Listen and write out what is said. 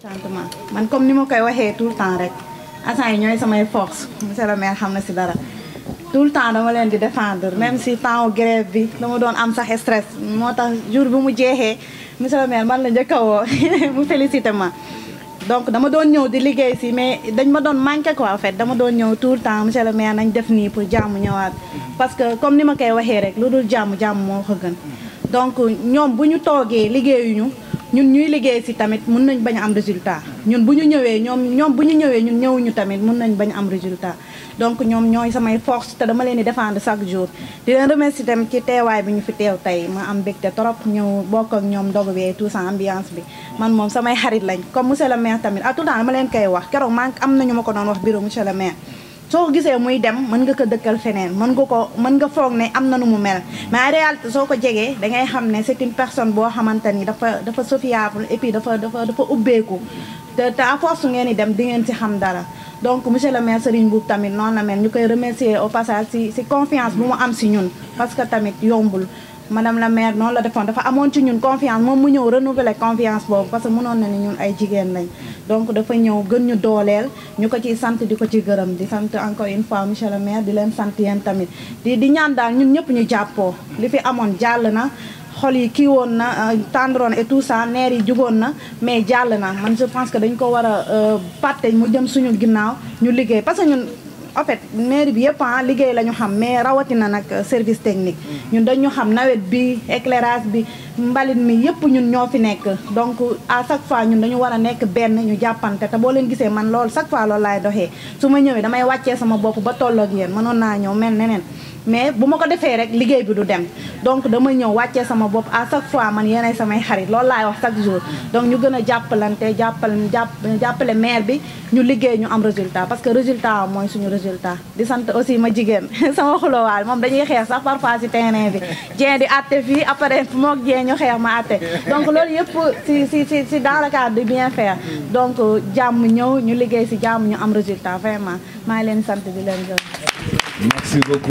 contentement man comme ni ma koy waxee tout le temps rek agents ñooy samay force monsieur maire xam na si dara tout le temps dama leen di défendre même si temps grève bi dama doon am sax stress moo tax jour bi mu jeexee monsieur le maire man la njëkk a woo mu félicité ma donc dama doon ñëw di liggéey si mais dañ ma doon manqué quoi en fait dama doon ñëw tout le temps monsieur le maire er nañ def nii pour jàmm ñëwaat parce que comme ni ma koy waxee rek lu dul jàmm jàmm moo ko gën donc ñoom bu ñun ñuy liggéey si tamit mun nañ bañ am résultat ñun bu ñu ñëwee ñoom ñoom bu ñu ñëwee ñun ñëwuñu tamit mun nañ bañ am résultat donc ñoom ñooy samay force te dama leen di défendre chaque jour di leen remercier tamit ci teewaay bi ñu fi teew tey ma am te trop ñëw bokk ak ñoom ndogu bi tout ça ambiance bi man moom samay xarit lañ comme monsieur le maire tamit à ah tout dama leen koy wax keroog maa am nañu ma ko doon wax bureau monsieur le soo gisee muy dem mën nga ko dëkkal feneen mën nga ko mën nga foog ne am na nu mu mel mais en réalité soo ko jegee da ngay xam ne c'est une personne boo xamante ni dafa dafa sociable et puis dafa dafa dafa ubbeeku te te ngeen di dem di ngeen ci xam dara donc monsieur le maire Serigne Mboup tamit noonu la mel ñu koy remercier au passage ci confiance bu mu am ci ñun parce que tamit yombul madame la maire noonu la defoon dafa amoon ci ñun confiance moom mu ñëw renouveler confiance boobu parce que mënoon na ni ñun ay jigéen lañ donc dafa ñëw gën ñu dooleel ñu ko ciy sant di ko ci gërëm di sant encore une fois monsieur le maire di leen sant yéen tamit di di ñaan daal ñun ñëpp ñu jàppoo li fi amoon jàll na xol yi kii woon na euh, tendroon et tout ça neer yi jugoon na mais jàll na man je pense que dañ ko war a pàtte euh, mu jëm suñu ginnaaw ñu liggéey parce que ñun en fait mairie bi yëpp ah liggéey la ñu xam mais rawatina nag euh, service technique. Mm-hmm. ñun dañu xam nawet bi éclairage bi mbalit mi yëpp ñun ñoo fi nekk. donc à chaque fois ñun dañu war a nekk benn ñu jàppante te boo leen gisee man lool chaque fois loolu laay doxee su ma ñëwee damay wàccee sama bopp ba tolloog yéen mënoon naa ñëw mel neneen. mais bu ma ko defee rek liggéey bi du dem donc dama ñëw wàccee sama bopp à chaque fois man yéenay samay xarit loolu laay wax chaque jour donc ñu gën a jàppalante jàppal jàppale maire bi ñu liggéey ñu am résultat parce que résultat mooy suñu résultat di sant aussi ma jigéen sama xulóowaal moom dañuy xeex sax parfois si terrain bi jeen di atte fii après mook jeen ñu xeex ma atte donc loolu yëpp si si si si dans bien faire donc jàmm ñëw ñu liggéey si jàmm ñu am résultat vraiment maa ngi leen sant di leen gërëm